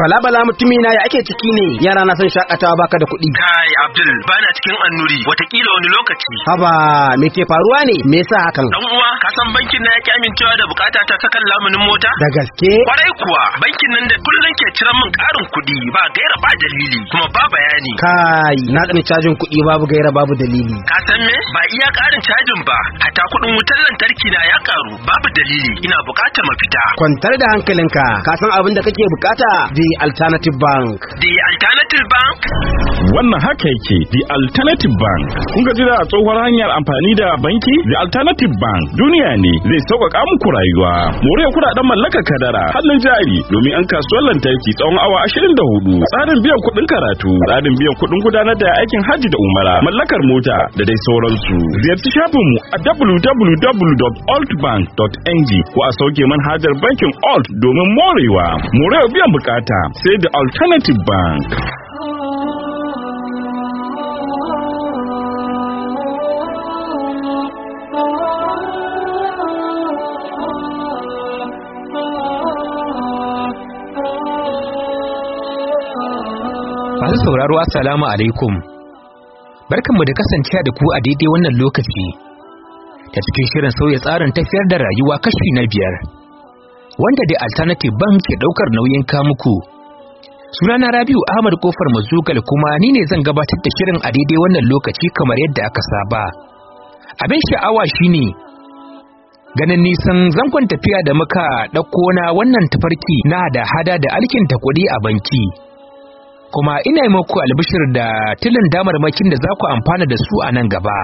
Bala bala mutumi na ya ake ciki ne yara na son shakatawa baka da kuɗi. Kai Abdul bana cikin annuri watakila wani lokaci. Haba me ke faruwa ne me yasa hakan? Dan uwa ka san bankin na yake amincewa da bukata ta sakan lamunin mota? Da gaske. Kwarai kuwa bankin nan da kullun ke ciran min karin kuɗi ba gaira ba dalili kuma ba bayani. Kai na tsani cajin kuɗi babu gaira babu dalili. Ka san me ba iya karin cajin ba hata kuɗin wutar lantarki na ya karu babu dalili ina bukatar mafita. Kwantar da hankalinka ka san abin da kake bukata zai The Alternative Bank. The Alternative Bank? Wannan haka yake The Alternative Bank. Kun ga jira a tsohuwar hanyar amfani da banki? The Alternative Bank duniya ne zai sauƙaƙa muku rayuwa. More kuɗaɗen mallaka kadara, hannun jari domin an kasuwar lantarki tsawon awa ashirin da hudu. Tsarin biyan kuɗin karatu, tsarin biyan kuɗin gudanar da aikin hajji da umara, mallakar mota da dai sauransu. shafin mu a www.altbank.ng ko a sauke manhajar bankin Alt domin morewa. More biyan bukata. sai da Alternative Bank. Masu sauraro Assalamu alaikum. Barkanmu da kasancewa da ku a daidai wannan lokaci. Ta cikin shirin sauya tsarin tafiyar da rayuwa kashi na biyar. wanda da alternative bank ke daukar nauyin kamuku sunana rabiu ahmad kofar mazugal kuma ni ne zan gabatar da shirin a daidai wannan lokaci kamar yadda aka saba abin sha'awa shine ganin nisan zan zangon tafiya da muka ɗauko na wannan tafarki na da hada da alkinta kuɗi a banki kuma ina yi muku albishir da tilin damarmakin da za ku amfana da su a nan gaba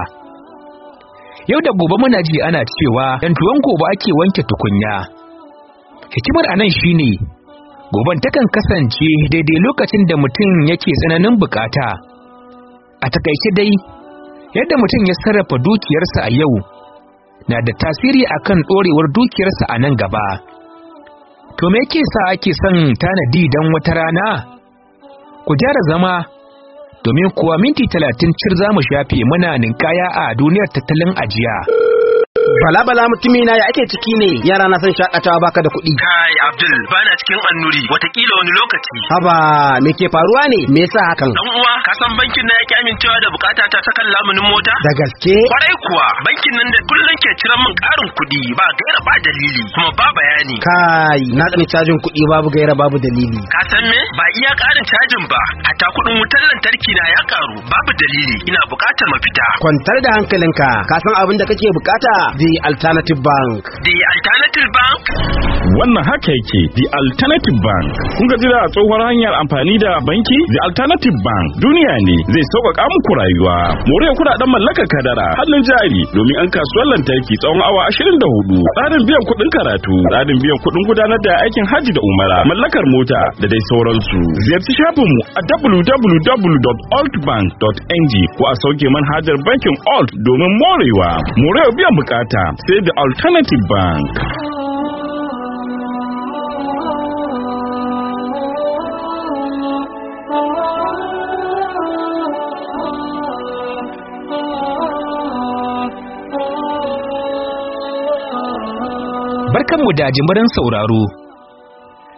yau da gobe muna ji ana cewa 'yan tuwon gobe ake wanke tukunya hikimar anan shine goban takan kasance daidai lokacin da mutum yake tsananin bukata a takaice dai yadda mutum ya sarrafa dukiyarsa a yau na da tasiri akan ɗorewar dukiyarsa a nan gaba to me ke sa ake son tanadi don wata rana ku gyara zama domin kuwa minti talatin cir za mu shafe mana ninkaya a duniyar tattalin ajiya. Bala bala mutumi na ya ake ciki ne yara na son shakatawa baka da kuɗi. Kai Abdul bana cikin annuri watakila wani lokaci. Haba me ke faruwa ne me yasa hakan? Dan uwa ka san bankin na yake amincewa da bukata ta ta kan lamunin mota? Da gaske. Kwarai kuwa bankin nan da kullum ke ciran min karin kuɗi ba gaira ba dalili kuma ba bayani. Kai na tsani cajin kuɗi babu gaira babu dalili. Ka san me ba iya karin cajin ba hatta kuɗin wutar lantarki na ya karu babu dalili ina bukatar mafita. Kwantar da hankalinka ka san abin da kake bukata the alternative bank. The alternative bank? wannan haka yake the alternative bank kun ga gaji a tsohuwar hanyar amfani da banki the alternative bank duniya ne zai sauƙaƙa muku rayuwa more kuɗaɗen mallaka kadara hannun jari domin an kasuwar lantarki tsawon awa ashirin da hudu tsarin biyan kuɗin karatu tsarin biyan kuɗin gudanar da aikin hajji da umara mallakar mota da dai sauransu ziyarci shafinmu a www.altbank.ng ko a sauke manhajar bankin alt domin morewa more biyan bukata sai the alternative bank Barkan mu da jimirin sauraro.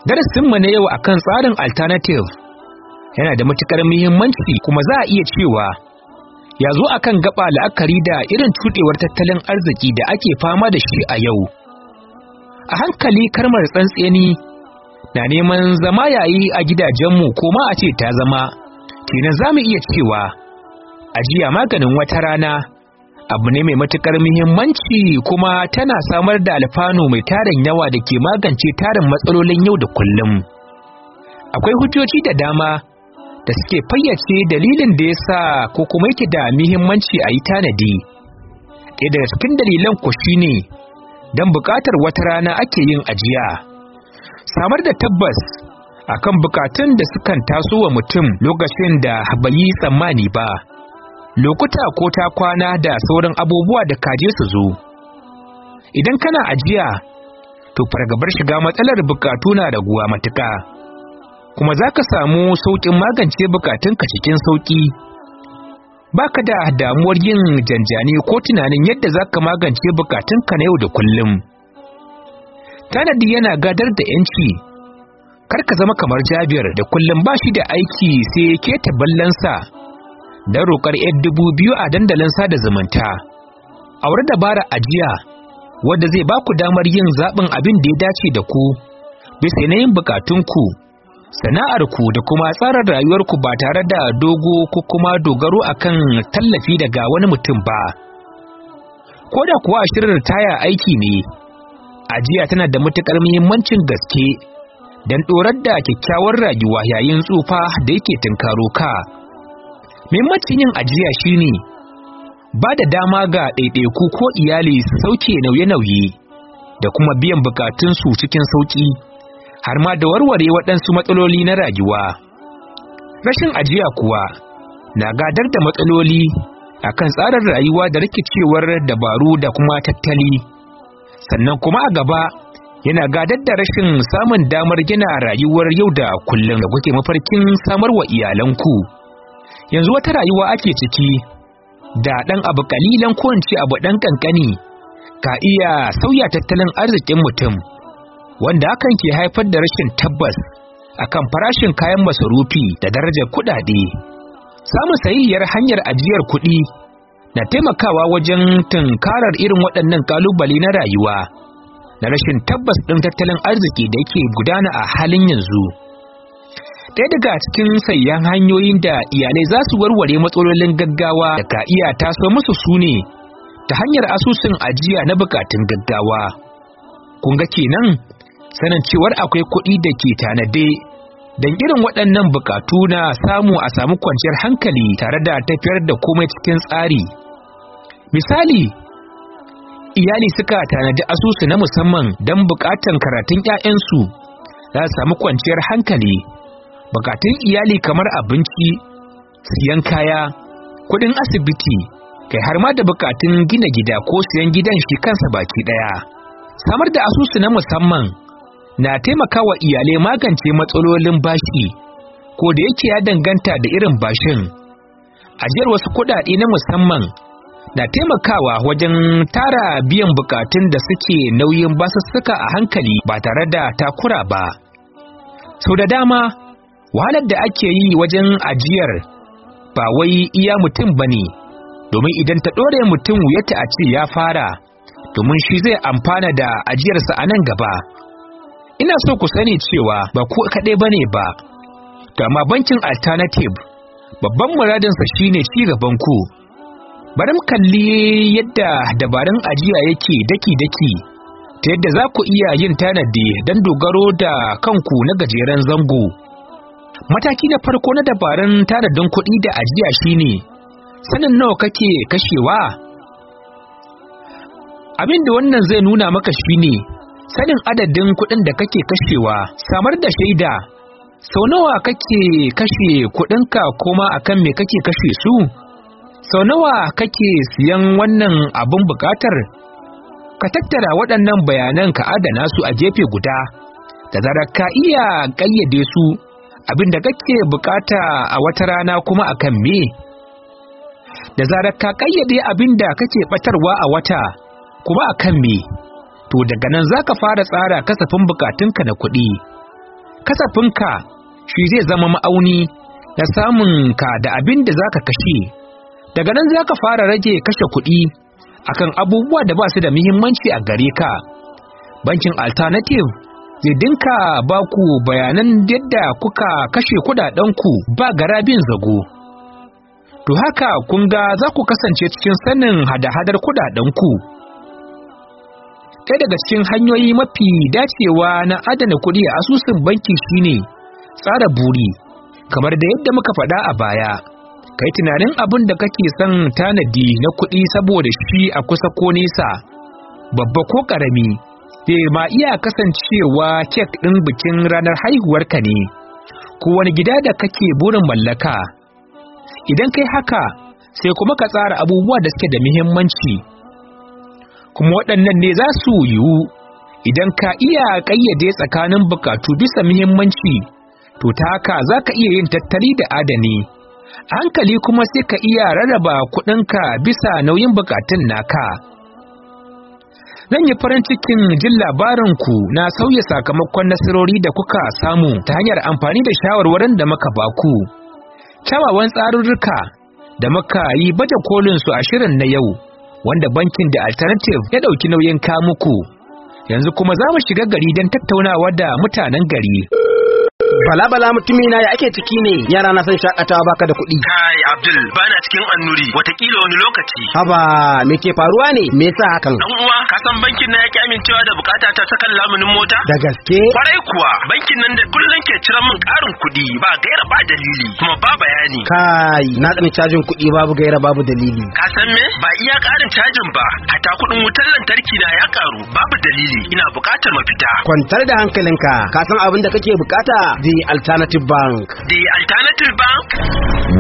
Darasinmu na yau akan tsarin alternative yana da matukar muhimmanci kuma za a iya cewa ya zo akan gaba la'akari da irin cuɗewar tattalin arziki da ake fama da shi a yau. A hankali karmar tsantseni na neman zama yayi a gidajenmu ko ma a ce ta zama, kenan za mu iya cewa ajiya maganin wata rana abu ne mai matukar muhimmanci kuma tana samar da alfanu mai tarin yawa da ke magance tarin matsalolin yau da kullum. Akwai hujjoji da dama da suke fayyace dalilin da ya sa ko kuma yake da muhimmanci a yi tanadi. Ɗaya daga cikin dalilan ku shine don buƙatar wata rana ake yin ajiya. Samar da tabbas akan buƙatun da sukan taso wa mutum lokacin da bai yi tsammani ba. lokuta ko ta kwana da sauran abubuwa da kaje su zo idan kana ajiya to fargabar shiga matsalar bukatu na raguwa matuka kuma za ka samu sauƙin magance bukatunka cikin sauƙi baka da damuwar yin janjani ko tunanin yadda za ka magance bukatunka na yau da kullum tanadi yana gadar da 'yanci kar ka zama kamar jabiyar da kullum ba shi da aiki sai ke ballansa don roƙar 'yar dubu biyu a dandalin sada zumunta. Aure dabara ajiya wanda zai ba ku damar yin zaɓin abin da ya dace da ku, bisa yanayin buƙatunku, sana'arku da kuma tsarin rayuwarku ba tare da dogo ko kuma dogaro kan tallafi daga wani mutum ba. Ko da kuwa shirin taya aiki ne, ajiya tana da matuƙar muhimmancin gaske don ɗorar da kyakkyawar rayuwa yayin tsufa da yake tunkaro ka. Muhimmancin yin ajiya shine ba da dama ga ɗaiɗaiku ko iyali su sauke nauye-nauye da kuma biyan bukatunsu cikin sauƙi har ma da warware waɗansu matsaloli na rayuwa. Rashin ajiya kuwa na gadar da matsaloli a kan tsarin rayuwa da rikicewar dabaru da kuma tattali. Sannan kuma a gaba yana gadar da rashin samun damar gina rayuwar yau da kullum da kuke mafarkin samarwa iyalanku. yanzu wata rayuwa ake ciki da ɗan abu ƙalilan ko abu ɗan ƙanƙani ka iya sauya tattalin arzikin mutum wanda hakan ke haifar da rashin tabbas akan farashin kayan masarufi da darajar kuɗaɗe samun sahihiyar hanyar ajiyar kuɗi na taimakawa wajen tunkarar irin waɗannan ƙalubale na rayuwa na rashin tabbas ɗin tattalin arziki da yake gudana a halin yanzu. Ɗaya daga cikin sayan hanyoyin da iyalai za su warware matsalolin gaggawa da ka iya taso musu su ne ta hanyar asusun ajiya na bukatun gaggawa. Kun ga kenan sanin cewar akwai kuɗi da ke tanade don irin waɗannan bukatu na samu a samu kwanciyar hankali tare da tafiyar da komai cikin tsari. Misali, iyali suka tanadi asusu na musamman don bukatan karatun 'ya'yansu za su samu kwanciyar hankali. bukatun iyali kamar abinci siyan kaya kudin asibiti kai har ma da bukatun gina gida ko siyan gidan shi kansa baki daya samar da asusu na musamman na taimakawa iyalai magance matsalolin bashi ko da yake ya danganta da irin bashin ajiyar wasu kudade na musamman na taimakawa wajen tara biyan bukatun da suke nauyin basussuka a hankali ba tare da takura ba sau da dama wahalar da ake yi wajen ajiyar ba wai iya mutum ba ne domin idan ta ɗore mutum wuyata a ce ya fara domin shi zai amfana da ajiyarsa a nan gaba ina so ku sani cewa ba ku kaɗai ba ne ba to amma bankin alternative babban muradinsa shine ci gaban ku bari kalli yadda dabarun ajiya yake daki-daki ta yadda za ku iya yin tanadi don dogaro da kanku na gajeren zango mataki na farko na dabarun tanadin kuɗi da ajiya shine sanin nawa kake kashewa abin da wannan zai nuna maka shine sanin adadin kuɗin da kake kashewa samar da shaida sau nawa kake kashe kuɗinka kuma akan me kake kashe su sau nawa kake siyan wannan abin buƙatar ka tattara waɗannan bayanan ka adana su a jefe guda da zarar ka iya ƙayyade su abin da kake bukata a wata rana kuma akan me da zarar ka kayyade abin da kake batarwa a wata kuma akan me to daga nan zaka fara tsara kasafin bukatunka na kuɗi ka shi zai zama ma'auni na samun ka da abin da zaka kashe daga nan zaka fara rage kashe kuɗi akan abubuwa da ba su da muhimmanci a gare ka bankin alternative zai dinka ba ku bayanan yadda kuka kashe ku ba garabin zago. To haka kun ga za ku kasance cikin sanin hada-hadar ku. Ɗaya daga cikin hanyoyi mafi dacewa na adana kuɗi a asusun banki shine tsara buri, kamar da yadda muka faɗa a baya. Kai tunanin abin da kake son tanadi na kuɗi saboda shi a kusa ko nesa, babba ko ƙarami. Eh ma iya kasancewa kek ɗin bikin ranar haihuwarka ne, ko wani gida da kake burin mallaka. Idan kai haka, sai kuma ka tsara abubuwa da suke da muhimmanci. Kuma waɗannan ne za su yiwu idan ka iya ƙayyade tsakanin bukatu bisa muhimmanci, to ta haka za ka iya yin tattali da adani. hankali kuma sai ka iya rarraba kuɗinka bisa nauyin bukatun naka. zan yi farin cikin jin labarin ku na sauya sakamakon nasarori da kuka samu ta hanyar amfani da shawarwarin da muka baku. Kyawawan tsarurruka da muka yi baje kolin su a shirin na yau, wanda bankin da alternative ya ɗauki nauyin kamuku. Yanzu kuma za mu shiga gari don tattaunawa da mutanen gari. bala bala mutumi na ya ake ciki ne yara na san shakatawa baka da kuɗi kai abdul bana cikin annuri watakila wani lokaci haba me ke faruwa ne me yasa hakan dan uwa ka san bankin na yake amincewa da bukatata ta sakan lamunin mota da gaske kwarai kuwa bankin nan da kullun ke ciran min karin kuɗi ba gaira ba dalili kuma ba bayani kai na tsani cajin kuɗi babu gaira babu dalili ka san me ba iya karin cajin ba hata kuɗin wutar lantarki na ya karu babu dalili ina bukatar mafita kwantar da hankalinka ka san abin da kake bukata The Alternative Bank. The Alternative Bank?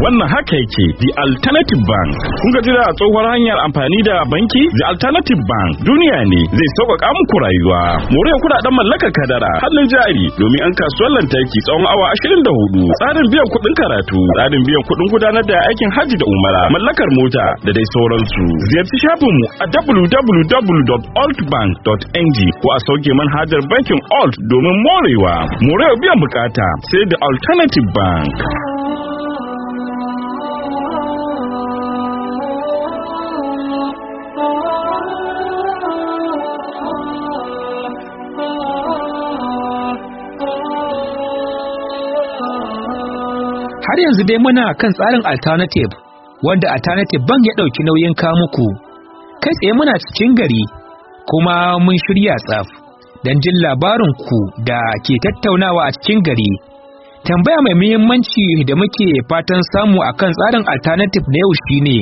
Wannan haka yake The Alternative Bank. Kun ga a tsohuwar hanyar amfani da banki? The Alternative Bank duniya ne zai sauƙaƙa muku rayuwa. Moriya kuɗaɗen mallaka kadara, hannun jari domin an kasuwar lantarki tsawon awa 24. Tsarin biyan kuɗin karatu, tsarin biyan kuɗin gudanar da aikin hajji da umara, mallakar mota da dai sauransu. Ziyarci mu a www.altbank.ng ko a sauke manhajar bankin Alt domin morewa. Moriya biyan bukata bukata sai da alternative bank har yanzu dai muna kan tsarin alternative wanda alternative bank ya ɗauki nauyin kamuku kai tsaye muna cikin gari kuma mun shirya tsaf don jin labarin ku da ke tattaunawa a cikin gari. Tambaya mai muhimmanci da muke fatan samu a kan tsarin alternative na yau shine,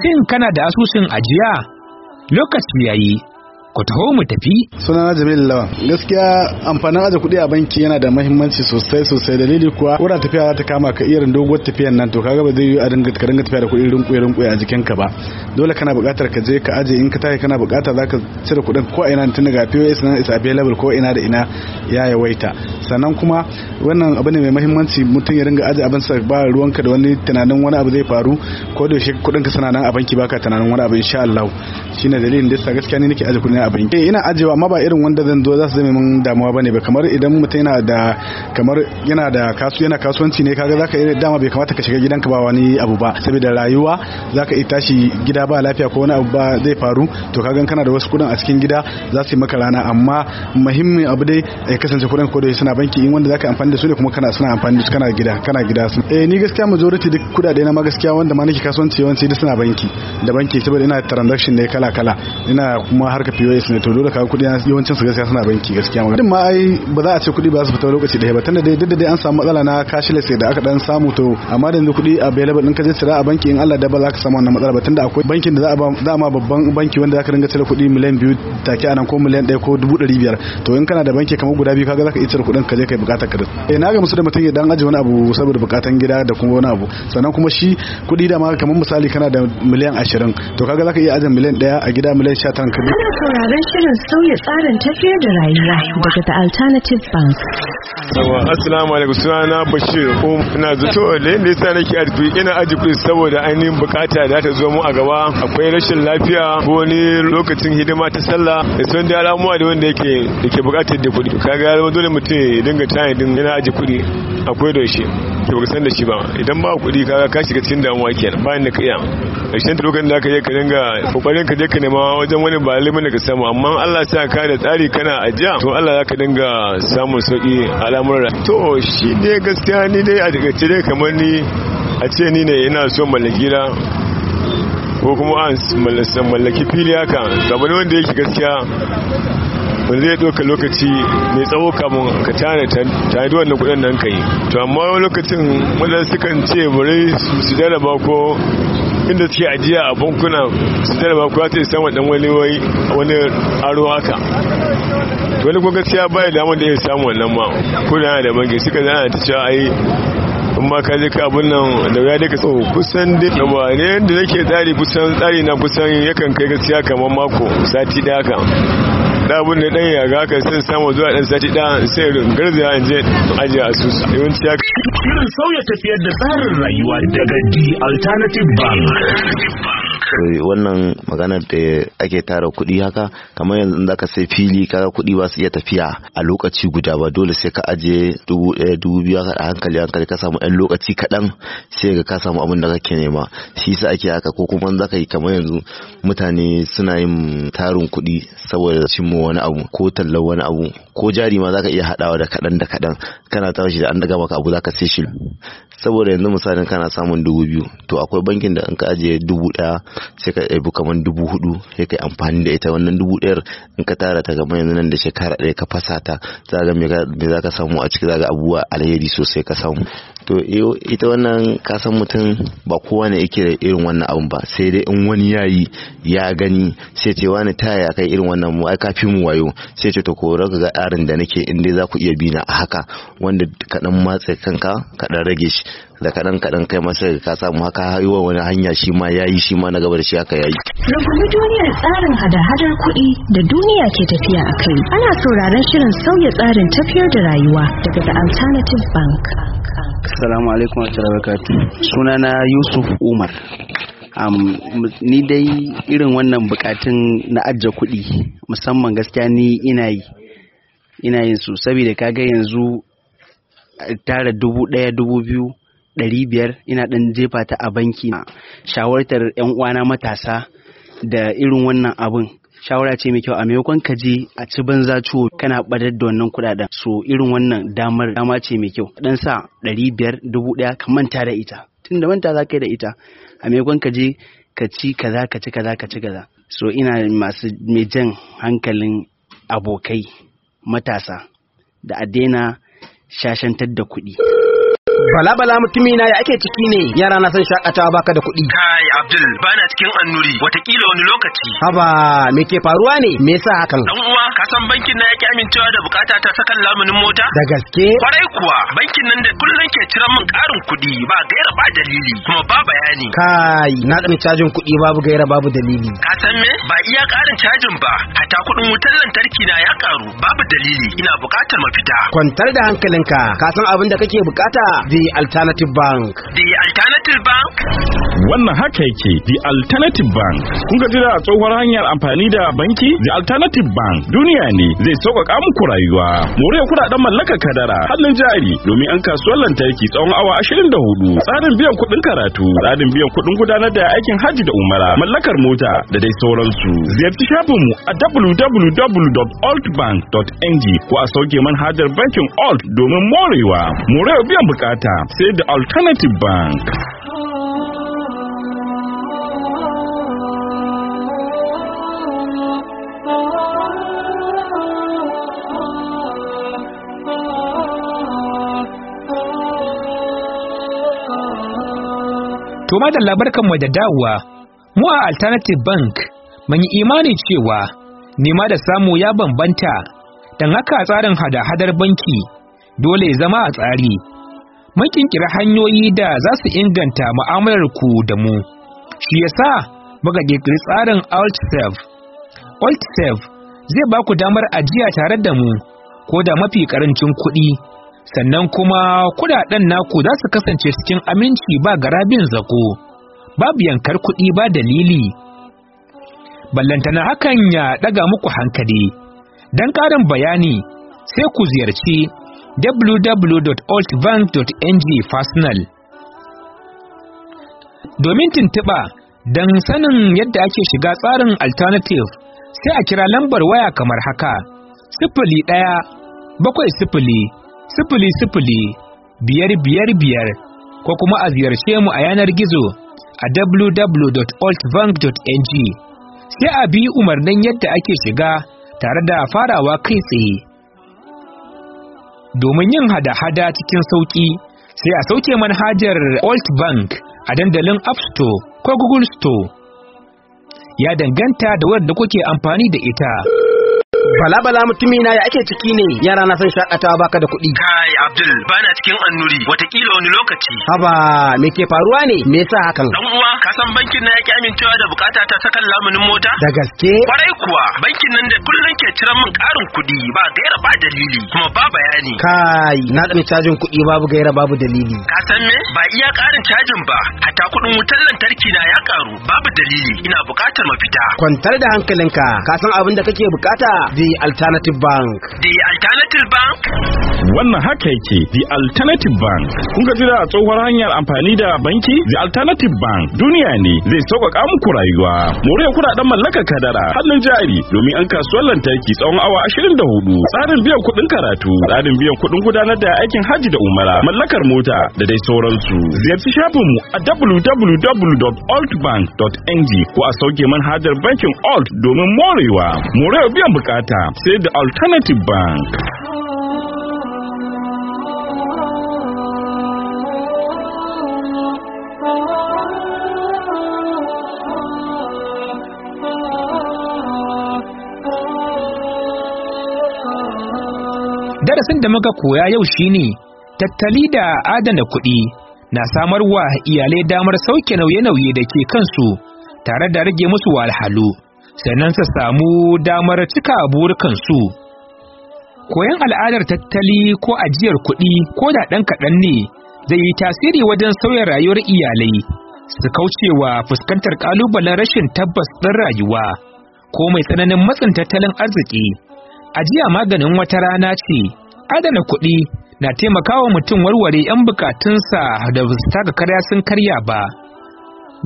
shin kana da asusun ajiya? Lokaci yayi ku taho mu tafi. na Jamilu Lawan. Gaskiya amfanin aje kuɗi a banki yana da mahimmanci sosai sosai dalili kuwa wurin tafiya za ta kama ka irin doguwar tafiyan nan to kaga ba zai yi a dinga ka dinga tafiya da kuɗi rinkuye rinkuye a jikin ka ba. Dole kana buƙatar ka je ka aje in ka tashi kana buƙata za ka cire kuɗin ko ina tun daga POS nan is available ko ina da ina ya yawaita. Sannan kuma wannan abu ne mai mahimmanci mutum ya dinga aje abin sa ba ruwanka da wani tunanin wani abu zai faru ko da shi kuɗin ka sana nan a banki baka tunanin wani abu insha Allah. Shine dalilin da gaskiya ne nake aje kuɗi abin ke eh, ina ajewa amma ba irin wanda zan zo za su zama damuwa bane ba kamar idan mutum yana da kamar yana da kasu yana kasuwanci ne kaga zaka iya dama bai kamata ka shiga gidanka ba wani abu ba saboda rayuwa zaka iya tashi gida ba lafiya ko wani abu ba zai faru to kaga kana da wasu kudin a cikin gida za su yi maka rana amma muhimmin abu dai ya kasance kudin ko da suna banki in wanda zaka amfani da su ne kuma kana suna amfani da su kana gida kana gida su eh ni gaskiya majority duk kudade na ma gaskiya wanda ma nake kasuwanci yawanci duk suna banki da banki saboda ina transaction ne kala kala ina kuma harka POS ne to dole ka kuɗi yawancin su gaskiya suna banki gaskiya magana ma ai ba za a ce kudi ba su fita lokaci da ba tunda dai duk da dai an samu matsala na cashless da aka dan samu to amma da yanzu kuɗi available din ka je tsira a banki in Allah da ba za ka samu wannan matsala ba tunda akwai bankin da za a ba za ma babban banki wanda za ka dinga cire kuɗi miliyan biyu take anan ko miliyan ɗaya ko dubu ɗari biyar to in kana da banki kamar guda biyu kaga za ka iya cire kudin ka je kai bukatar ka da eh na ga musu da mutum ya dan aje wani abu saboda bukatun gida da kuma wani abu sannan kuma shi kudi da ma kamar misali kana da miliyan ashirin to kaga za ka iya aje miliyan ɗaya a gida miliyan sha tara ka sauraron shirin sauya tsarin tafiyar da rayuwa daga The Alternative Bank. Yawa, Assalamu alaikum sunana Bashir Um ina zato da yadda yasa nake arziki ina arziki saboda ainihin bukata da ta zo mu a gaba akwai rashin lafiya ko wani lokacin hidima ta sallah da sun da al'amuwa da wanda yake yake bukatar da kuɗi. Kaga ya zama dole mutum ya dinga tayin din yana aji kuɗi akwai da shi. Ke baka san da shi ba idan ba kuɗi kaga ka shiga cikin damuwa kenan bayan da ka iya. ta lokacin da ka yi ka dinga kokarin ka je ka nema wajen wani ba limin da ka samu amma Allah sa ka da tsari kana ajiya to Allah ka dinga samun sauki al'amuran to shi dai gaskiya ni dai a daga cire kamar ni a ce ni ne ina so mallakira ko kuma an mallaki fili haka saboda wanda yake gaskiya wanda zai ɗauka lokaci mai tsawo kamun ka tare ta yi wannan kudin nan kai to amma wani lokacin wanda sukan ce bari su jaraba ko inda suke ajiya a bankuna su ba kuwa ta isa wa wani wani aro haka wani kuma gaskiya baya damar da ya samu wannan ma ko da yana da banki suka zana ta cewa ai kuma ka je ka abin nan da ya daga tsawo kusan da ne yadda nake tsari kusan tsari na kusan yakan kai gaskiya kamar mako sati da haka da abun da dan ya ga ka sai samu zuwa dan sati da sai ringarza in je aje asusu yawanci ya sauya tafiyar da tsarin rayuwa daga The Alternative Bank wannan maganar da ake tara kuɗi haka kamar yanzu in zaka sai fili kaga kuɗi ba su iya tafiya a lokaci guda ba dole sai ka aje dubu ɗaya dubu biyu haka a hankali hankali ka samu ɗan lokaci kaɗan sai ka samu abin da kake nema shi sa ake haka ko kuma zaka yi kamar yanzu mutane suna yin tarin kuɗi saboda cimma wani abu ko tallan wani abu ko jari ma zaka iya haɗawa da kaɗan da kaɗan kana tashi da an daga maka abu zaka sai shi saboda yanzu misalin kana samun dubu biyu to akwai bankin da in ka ajiye dubu ɗaya sai ka ɗabi kamar dubu hudu sai ka amfani da ita wannan dubu ɗayar in ka tara ta gama yanzu nan da shekara ɗaya ka fasa ta za ga me za ka samu a ciki za ga abubuwa alheri sosai ka samu to ita wannan ka san mutum ba kowa ne yake da irin wannan abun ba sai dai in wani yayi ya gani sai ce wani taya kai irin wannan mu ai ka fi mu wayo sai ce to ko raka ga tsarin da nake in dai za ku iya na a haka wanda ka dan matse kanka ka dan rage shi da kaɗan kaɗan kai masa ka samu haka haiwa wani hanya shi ma yayi shi ma na gaba da shi haka yayi. Rungumi duniyar tsarin hada-hadar kuɗi da duniya ke tafiya a kai. Ana sauraron shirin sauya tsarin tafiyar da rayuwa daga The Alternative Bank. Assalamu alaikum wa rahmatullahi Sunana Yusuf Umar. Um, ni dai irin wannan bukatun na ajiye kuɗi musamman gaskiya ni ina yi ina yin su saboda kaga yanzu tara dubu ɗaya dubu biyu ɗari biyar ina ɗan jefa ta a banki na. shawartar yan uwana matasa da irin wannan abin shawara ce mai kyau a maimakon ka je a ci banza ciwo kana badar da wannan kuɗaɗen so irin wannan damar dama ce mai kyau dan sa ɗari biyar dubu ɗaya ka manta da ita tun da manta za ka yi da ita a maimakon ka je ka ci kaza ka ci kaza ka ci kaza so ina masu mai jan hankalin abokai matasa da a daina shashantar da kuɗi. Bala bala mutumi na ya ake ciki ne yara na san shakata baka da kuɗi. Kai Abdul bana cikin annuri watakila wani lokaci. Haba me ke faruwa ne me yasa hakan? Dan uwa ka san bankin na yake amincewa da bukata ta sakan lamunin mota? Da gaske. Kwarai kuwa bankin nan da kullum ke ciran min karin kuɗi ba gaira ba dalili kuma ba bayani. Kai na ɗan cajin kuɗi babu gaira babu dalili. Ka san me ba iya karin cajin ba hatta kuɗin wutar lantarki na ya karu babu dalili ina bukatar mafita. Kwantar da hankalinka ka san abin da kake bukata The Alternative Bank. The Alternative Bank? Wannan haka yake The Alternative Bank. Kun ga jira tsohuwar hanyar amfani da banki? The Alternative Bank duniya ne zai sauƙaƙa muku rayuwa. More kuɗaɗen mallaka kadara, hannun jari domin an kasuwar lantarki tsawon awa 24. Tsarin biyan kuɗin karatu, tsarin biyan kuɗin gudanar da aikin haji da umara, mallakar mota da dai sauransu. Ziyarci mu a www.altbank.ng ko a sauke manhajar bankin Alt domin morewa. More biyan bukata bukata sai da alternative bank To da labarkan mu da dawowa, mu a Alternative Bank mun yi imani cewa nema da samu ya bambanta, don haka tsarin hada-hadar banki dole ya zama a tsari. mun kinkiri hanyoyi da za su inganta mu'amalar ku da mu shi yasa muka kirkiri tsarin alt save zai ba ku damar ajiya tare da mu ko da mafi karancin kuɗi sannan kuma kudaden naku za su kasance cikin aminci ba garabin zako babu yankar kuɗi ba dalili ballantana hakan ya ɗaga muku hankali don ƙarin bayani sai ku ziyarci www.altbank.ng personal Domin tuntuɓa don sanin yadda ake shiga tsarin alternative sai a kira lambar waya kamar haka sifili ɗaya bakwai sifili sifili sifili biyar biyar biyar ko kuma a ziyarce mu a yanar gizo a www.altbank.ng sai a bi umarnin yadda ake shiga tare da farawa kai tsaye. domin yin hada-hada cikin sauƙi sai a sauke manhajar Old Bank a dandalin App Store ko Google Store. Ya danganta da wadda kuke amfani da ita. bala bala mutumi na ya ake ciki ne yara na san shakatawa baka da kuɗi kai abdul bana cikin annuri watakila wani lokaci haba me ke faruwa ne me yasa hakan dan uwa ka san bankin na yake amincewa da bukata ta sakan lamunin mota da gaske kwarai kuwa bankin nan da kullun ke ciran min karin kuɗi ba gaira ba dalili kuma ba bayani kai na tsani cajin kuɗi babu gaira babu dalili ka san me ba iya karin cajin ba hatta kuɗin wutar lantarki na ya karu babu dalili ina bukatar mafita kwantar da hankalinka ka san abin da kake bukata The Alternative Bank. The Alternative Alternative Bank? Wannan haka yake, The Alternative Bank. Kun gaji a tsohuwar hanyar amfani da banki? The Alternative Bank duniya ne zai sauƙaƙa muku rayuwa. More kuɗaɗen mallakar kadara, hannun jari domin an kasuwar lantarki tsawon awa ashirin da hudu. Tsarin biyan kuɗin karatu, tsarin biyan kuɗin gudanar da aikin hajji da umara, mallakar mota da dai sauransu. Ziyarci shafin mu a www.altbank.ng ko a sauke manhajar bankin Alt domin morewa. More biyan bukata sai da Alternative Bank. abin da muka koya yau shine tattali da adana kuɗi na samar wa iyalai damar sauke nauye-nauye da ke kansu tare da rage musu wahalhalu sannan su samu damar cika kansu. koyon al'adar tattali ko ajiyar kuɗi ko da ɗan kaɗan ne zai yi tasiri wajen sauya rayuwar iyalai su kaucewa fuskantar ƙalubalen rashin tabbas ɗin rayuwa ko mai tsananin matsin tattalin arziki ajiya maganin wata rana ce adana kuɗi na taimakawa mutum warware 'yan bukatunsa da su taka karya sun karya ba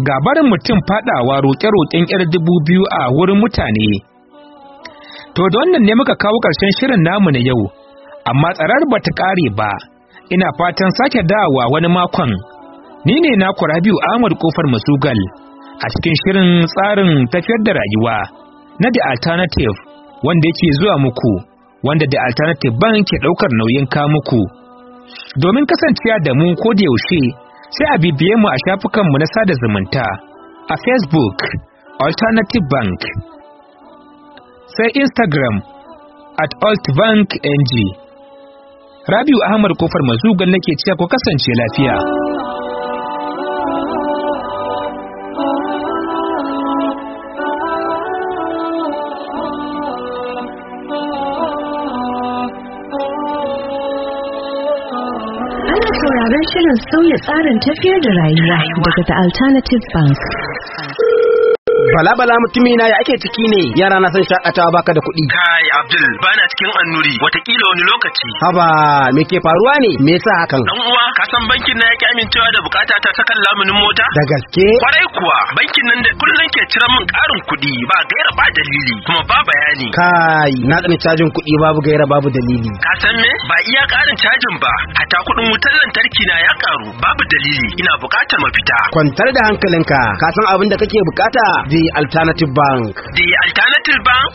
ga mutum fadawa roƙe-roƙen 'yar dubu biyu a wurin mutane to da wannan ne muka kawo ƙarshen shirin namu na yau amma tsarar ba ta ƙare ba ina fatan sake dawa wani makon ni ne na rabiu ahmad kofar masugal a cikin shirin tsarin tafiyar da rayuwa na the alternative wanda yake zuwa muku wanda da alternative bank ke ɗaukar nauyin kamuku domin kasancewa da mu ko da yaushe sai a bibiye mu a shafukan mu na sada zumunta a facebook alternative bank sai instagram at altbankng rabiu ahmad kofar mazugan nake cewa ku kasance lafiya kan sauya tsarin tafiyar da rayuwa daga The Alternative Bank. Bala bala mutumi na ya ake ciki ne yara na san shakatawa baka da kuɗi. Kai Abdul bana cikin annuri watakila wani lokaci. Haba me ke faruwa ne me yasa hakan? Dan uwa ka san bankin na ya yake amincewa da bukata ta sakan lamunin mota? Da gaske. Kwarai kuwa bankin nan da kullun ke cire min karin kuɗi ba gaira ba dalili kuma ba bayani. Kai na tsani cajin kuɗi babu gaira babu dalili. Ka san me ba iya karin cajin ba hatta kuɗin wutar lantarki na ya karu babu dalili ina bukatar mafita. Kwantar da hankalinka ka san abin da kake bukata zai The Alternative Bank. The Alternative Bank?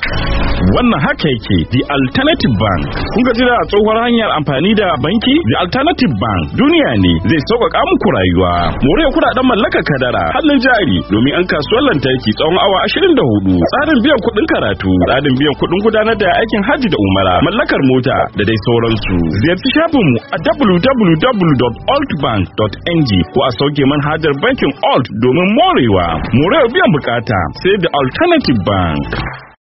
Wannan haka yake The Alternative Bank. Kun gaji da tsohuwar hanyar amfani da banki? The Alternative Bank duniya ne zai sauƙaƙa muku rayuwa. More kuɗaɗen mallakar kadara, hannun jari domin an kasuwar lantarki tsawon awa 24, tsarin biyan kuɗin karatu, tsarin biyan kuɗin gudanar da aikin hajji da umara, mallakar mota da dai sauransu. Ziyarci shafinmu a www.altbank.ng ko a sauke manhajar bankin Alt domin morewa. More biyan bukata Say the Alternative Bank.